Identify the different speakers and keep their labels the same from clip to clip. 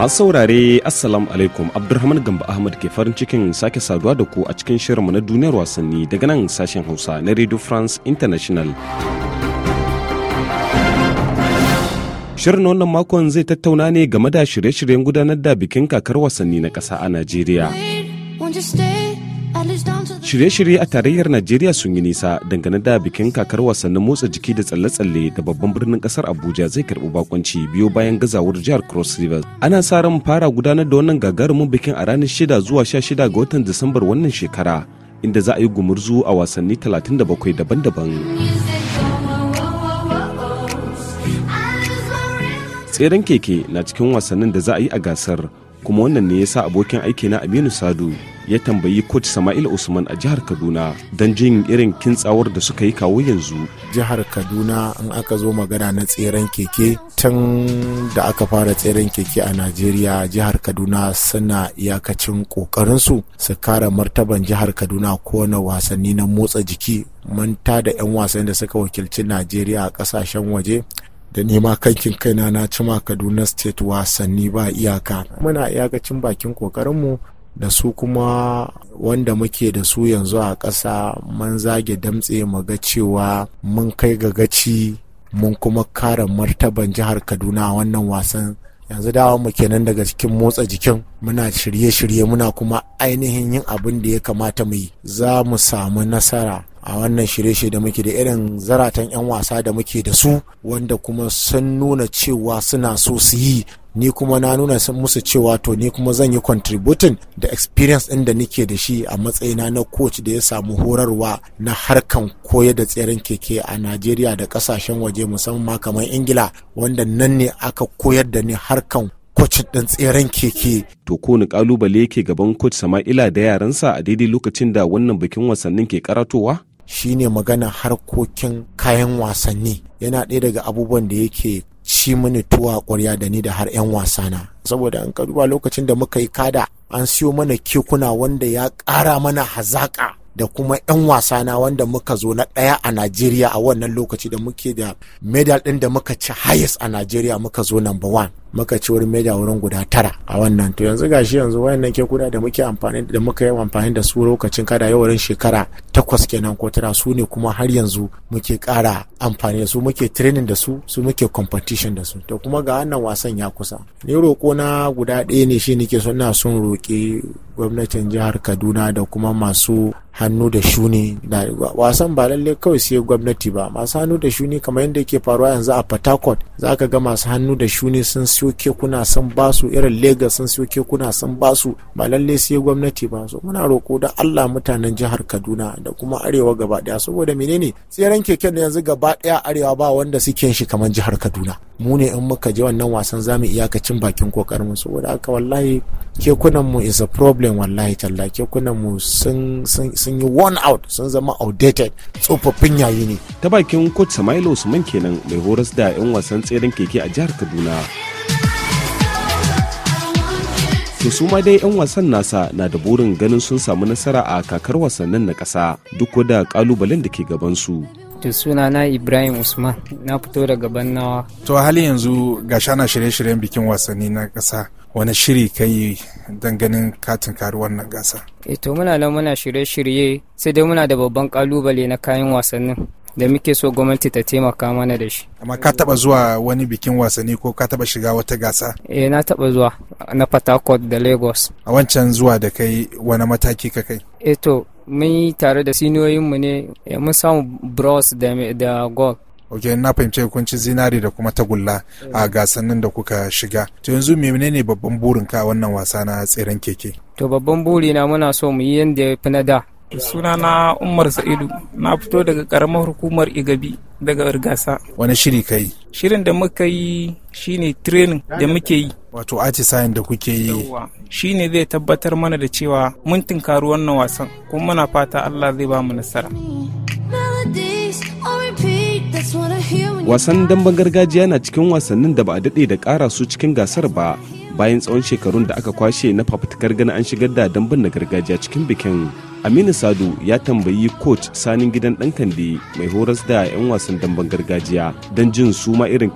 Speaker 1: Masu saurare Assalamu alaikum Abdulrahman Gamba Ahmad ke farin cikin sake saduwa da ku a cikin shirinmu na duniyar wasanni daga nan sashen Hausa na Radio France International. Shirin wannan makon zai tattauna ne game da shirye-shiryen gudanar da bikin kakar wasanni na ƙasa a Najeriya. Shirye-shirye a tarayyar Najeriya sun yi nisa dangane da bikin kakar wasannin motsa jiki da tsalle-tsalle da babban birnin kasar Abuja zai karbi bakunci biyu bayan gazawar jihar Cross River. Ana sa ran fara gudanar da wannan gagarumin bikin a ranar 6 zuwa 16 ga watan Disambar wannan shekara, inda za a yi gumurzu a wasanni 37 daban-daban. Tseren keke na cikin wasannin da za a yi a gasar, kuma wannan ne ya sa abokin aiki na Aminu Sadu ya tambayi coach sama'il usman a jihar kaduna don jin irin kintsawar da suka yi kawo yanzu jihar kaduna in aka zo magana na tseren keke tun da aka fara tseren keke
Speaker 2: a najeriya jihar kaduna suna iyakacin kokarinsu su kara martaban jihar kaduna ko na wasanni na motsa jiki manta da 'yan wasan da suka wakilci najeriya a kasashen waje da nema kankin kaina na cima kaduna state wasanni ba iyaka muna iyakacin bakin kokarinmu da su kuma wanda muke da su yanzu a ƙasa mun zage damtse mu ga cewa mun kai ga gaci mun kuma kare martaban jihar kaduna a wannan wasan yanzu dawa mu kenan daga cikin motsa jikin muna shirye-shirye muna kuma ainihin yin abin da ya kamata mu yi za mu samu nasara a wannan shirye-shirye da muke da irin zaratan 'yan wasa da muke da su wanda kuma sun nuna cewa suna so su yi ni kuma na nuna musu cewa to ni kuma zan yi contributing da experience ɗin da nike da shi a matsayina na coach da ya samu horarwa na harkan koyar da tseren keke a Najeriya da kasashen waje musamman kamar Ingila wanda nan ne aka koyar da ni harkan
Speaker 1: coach ɗin tseren keke. To kowane ƙalubale yake gaban coach Sama'ila da yaransa a daidai lokacin da wannan bikin wasannin ke karatowa? shi ne magana
Speaker 2: harkokin kayan wasanni yana ɗaya daga abubuwan da yake ci mini tuwa ƙwarya da ni da har 'yan wasana saboda an ka duba lokacin da muka yi kada an siyo mana kekuna wanda ya ƙara mana hazaƙa da kuma 'yan wasana wanda muka zo na ɗaya a Najeriya a wannan lokaci da muke da medal ɗin da muka ci highest a Najeriya muka zo number one muka ci wurin meja wurin guda tara a wannan to yanzu gashi yanzu wayannan kekuna da muke amfani da muka yi amfani da su lokacin kada yawarin shekara takwas kenan ko tara su ne kuma har yanzu muke kara amfani da su muke training da su su muke competition da su to kuma ga wannan wasan ya kusa ni roko na guda ɗaya ne shi nake so na son roƙi gwamnatin jihar Kaduna da kuma masu hannu da shuni da wasan ba lalle kawai sai gwamnati ba masu hannu da shuni kamar yadda yake faruwa yanzu a Port Harcourt za ga masu hannu da shuni sun siyoke kekuna san basu irin Legas sun siyo kekuna san basu ba lalle sai gwamnati ba so muna roko da Allah mutanen jihar Kaduna da kuma arewa gaba daya saboda menene tseren keken da yanzu gaba daya arewa ba wanda suke shi kamar jihar Kaduna mu ne in muka je wannan wasan zamu iyakacin bakin kokarin mu saboda haka wallahi kekunan mu is a problem wallahi talla kekunan mu sun
Speaker 1: sun yi worn out sun zama outdated tsofaffin yayi ne ta bakin coach Samailo Usman kenan mai horas da 'yan wasan tseren keke a jihar Kaduna to su ma dai 'yan wasan nasa na da burin ganin sun samu nasara a kakar wasannin na kasa duk da kalubalen da ke gabansu
Speaker 3: to suna na ibrahim usman na fito daga bannawa to
Speaker 4: hali yanzu ga shana shirye-shiryen bikin wasanni na kasa wani shiri ka yi don ganin katin karuwar nan gasa
Speaker 3: e to muna nan muna shirye-shirye sai dai muna da babban kalubale na kayan wasannin da muke so gwamnati ta taimaka mana da shi.
Speaker 4: Amma ka taba zuwa wani bikin wasanni ko ka taba shiga wata gasa? Eh na taba
Speaker 3: zuwa na patakot
Speaker 4: da Lagos. A wancan zuwa da kai wani mataki ka kai?
Speaker 3: Eh to mun yi tare da siniyoyinmu ne eh, mun samu bros da gold.
Speaker 4: ok na fahimci hukuncin zinari da kuma tagulla a eh. gasannin da kuka shiga to yanzu menene babban burinka a wannan wasa na tseren keke
Speaker 3: to babban burina muna so mu yi yadda ya fi na da Suna na umar sa'idu na fito daga karamar hukumar igabi daga
Speaker 4: rigasa wani shiri kai shirin da muka yi shine training da muke yi wato atisayen da kuke yi shine zai tabbatar mana da cewa mun tunkari wannan wasan kuma muna fata allah zai ba mu
Speaker 1: nasara wasan damben gargajiya na cikin wasannin da ba a daɗe da ƙara su cikin gasar ba bayan tsawon shekarun da aka kwashe na fafutukar gani an shigar da damben na gargajiya cikin bikin aminu sadu ya tambayi coach sanin gidan dan kande mai horas da 'yan wasan damban gargajiya don jin su ma irin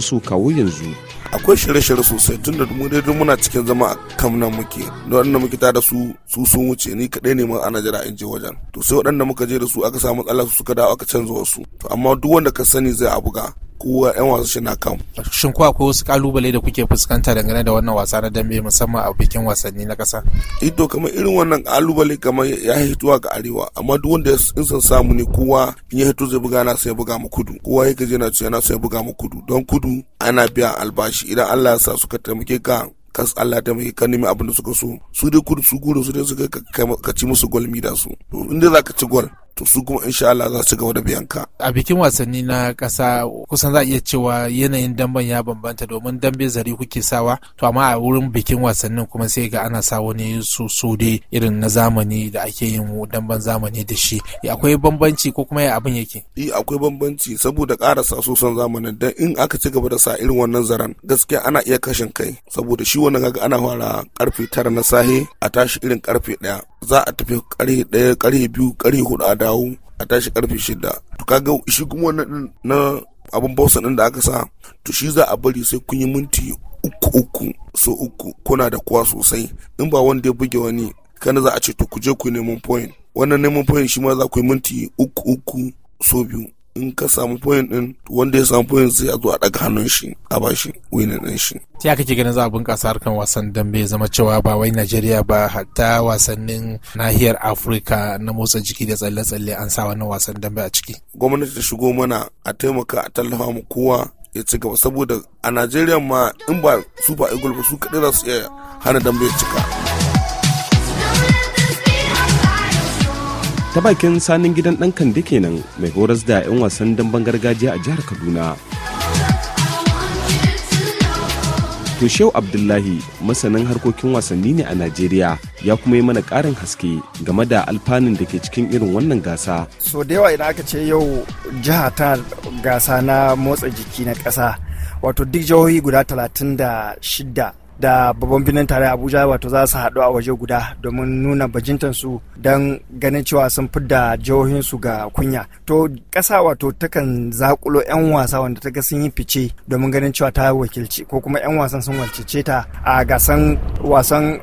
Speaker 1: su kawo yanzu
Speaker 5: akwai shirye-shirye sosai tun da mu muna cikin zama a kamnan muke da waɗanda muke tare su su sun wuce ni kaɗai ne ma ana jira in je wajen to sai waɗanda muka je da su aka samu matsala su suka dawo aka canza wasu to amma duk wanda ka sani zai a buga kowa yan wasu shi na kan.
Speaker 4: Shin ko akwai wasu kalubale da kuke fuskanta dangane da wannan wasa na dambe musamman a bikin wasanni na kasa
Speaker 5: Ito kamar irin wannan kalubale kamar ya hituwa ga arewa amma duk wanda in san samu ne kowa in ya hito zai buga na sai buga mu kudu kowa ya gaji na cewa na sai buga mu kudu don kudu ana biya albashi idan Allah ya sa suka taimake ka kas Allah ta mai kan nemi abin da suka so su dai kudu su gudu su dai suka ka ci musu gol mi da su in inda zaka ci gol to su kuma insha Allah za su gaba da biyan ka.
Speaker 4: A bikin wasanni na ƙasa kusan za a iya cewa yanayin damben ya bambanta domin dambe zari kuke sawa to amma a wurin bikin wasannin kuma sai ga ana sa wani soso dai irin na zamani da ake yin damben zamani da shi akwai bambanci ko kuma ya abin yake.
Speaker 5: Eh akwai bambanci saboda ƙara sa soson zamanin dan in aka ci gaba da sa irin wannan zaren gaskiya ana iya kashin kai saboda shi wannan ga ana fara karfe tara na sahe a tashi irin karfe ɗaya za a tafi kare ɗaya kare biyu kare hudu a dawo a tashi karfe shida to kaga shi kuma wannan na abin bausa din da aka sa to shi za a bari sai kun yi minti uku uku so uku kuna da kuwa sosai in ba wanda ya buge wani kana za a ce to ku je ku neman point wannan neman point shi ma za ku yi minti uku uku so biyu in ka samu point din wanda ya samu point sai a zo a daga hannun shi a bashi winner din shi
Speaker 4: ta kake ganin za a bunkasa harkan wasan dambe bai zama cewa ba wai Najeriya ba hatta wasannin nahiyar Afirka na motsa jiki da tsalle-tsalle an sa wannan wasan dambe a ciki
Speaker 5: gwamnati ta shigo mana a taimaka a tallafa mu kowa ya ci gaba saboda a Najeriya ma in ba su ba Eagle ba su kadai za su iya hana dambe ya cika
Speaker 1: ta bakin sanin gidan ɗan kande kenan mai horas da 'yan wasan damben gargajiya a jihar kaduna Tusheu Abdullahi masanin harkokin wasanni ne a Najeriya ya kuma yi mana ƙarin haske game da alfanun da ke cikin irin wannan gasa.
Speaker 3: So da yawa idan aka ce yau jiha ta gasa na motsa jiki na ƙasa wato duk jihohi guda talatin da shidda. da babban birnin tare abuja wato za su haɗu a waje guda domin nuna bajintan su don ganin cewa sun fidda su ga kunya to ƙasa wato takan zakulo 'yan wasa wanda ta ga sun yi fice domin ganin cewa ta wakilci ko kuma 'yan wasan sun wakilce ta a gasan wasan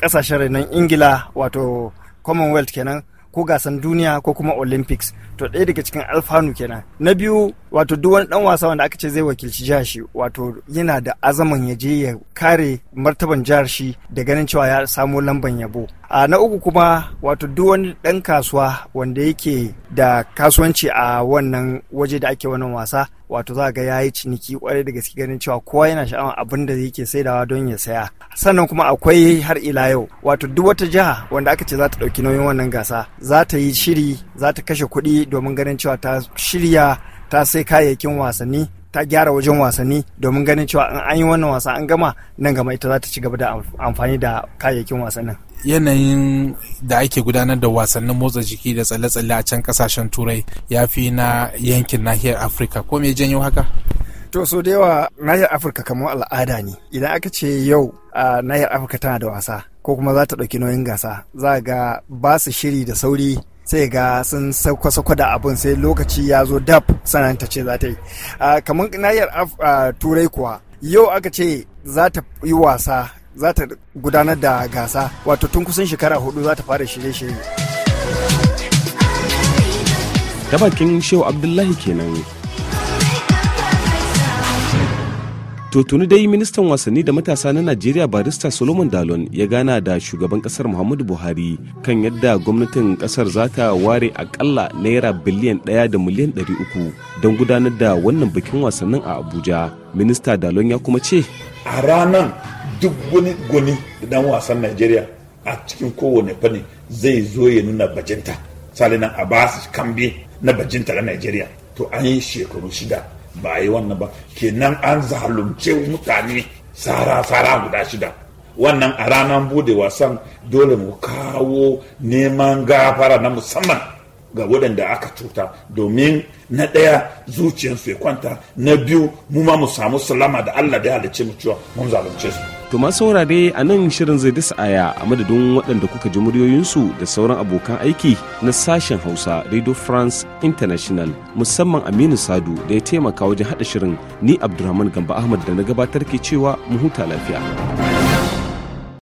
Speaker 3: ƙasashen renon ingila wato commonwealth kenan ko gasan duniya ko kuma olympics to ɗaya daga cikin alfanu kenan na biyu wato duk wani dan wasa wanda aka ce zai wakilci jihar shi wato yana da azaman ya je ya kare martaban jihar shi da ganin cewa ya samo lamban yabo a na uku kuma wato duk wani dan kasuwa wanda yake da kasuwanci a wannan waje da ake wannan wasa wato za ga yayi ciniki kwarai da gaske ganin cewa kowa yana sha'awar abin da yake saidawa don ya saya sannan kuma akwai har ila yau wato duk wata jiha wanda aka ce za ta ɗauki nauyin wannan gasa za ta yi shiri za ta kashe kuɗi domin ganin cewa ta shirya ta sai kayayyakin wasanni ta gyara wajen wasanni domin ganin cewa in an yi wannan wasa an gama nan gama ita za ta ci gaba da amfani da kayayyakin wasannin
Speaker 4: yanayin da ake gudanar da wasannin motsa jiki da tsalle-tsalle a can kasashen turai ya fi na yankin nahiyar afirka
Speaker 3: ko me janyo haka to so da yawa nahiyar afirka kamar al'ada ne idan aka ce yau a nahiyar afirka tana da wasa ko kuma za ta ɗauki nauyin gasa za ga ba su shiri da sauri sai ga sun sauko da abun sai lokaci ya zo dab sannan ta ce za ta yi kamar nahiyar turai kuwa yau aka ce za ta yi wasa za ta gudanar da gasa wato tun kusan shekara hudu za ta fara shirye-shirye.
Speaker 1: Ta bakin Shehu Abdullahi kenan To tuni dai ministan wasanni da matasa na Najeriya barista Solomon Dalon ya gana da shugaban kasar Muhammadu Buhari kan yadda gwamnatin kasar za ta ware akalla naira biliyan ɗaya da miliyan dari uku don gudanar da wannan bikin wasannin a Abuja. Minista Dalon ya kuma ce. A ranar duk wani da dan wasan Najeriya a cikin kowane fanni zai zo ya nuna
Speaker 5: bajinta. salina Abbas Kambe na bajinta na Najeriya. To an yi shekaru shida ba a yi wannan ba kenan an zalunce mutane tsara-tsara guda shida wannan a ranar bude wasan dole mu kawo neman gafara na musamman ga waɗanda aka cuta domin na ɗaya zuciyarsu ya kwanta na biyu mu ma mu samu salama da allah da halicce mu cewa mun zalunce su
Speaker 1: To masu saurare a nan shirin zai dasa aya a madadin waɗanda kuka ji muryoyinsu da sauran abokan aiki na sashen Hausa Radio France International musamman Aminu Sadu da ya taimaka wajen haɗa shirin ni Abdulrahman Gamba Ahmad da na gabatar ke cewa mu huta lafiya.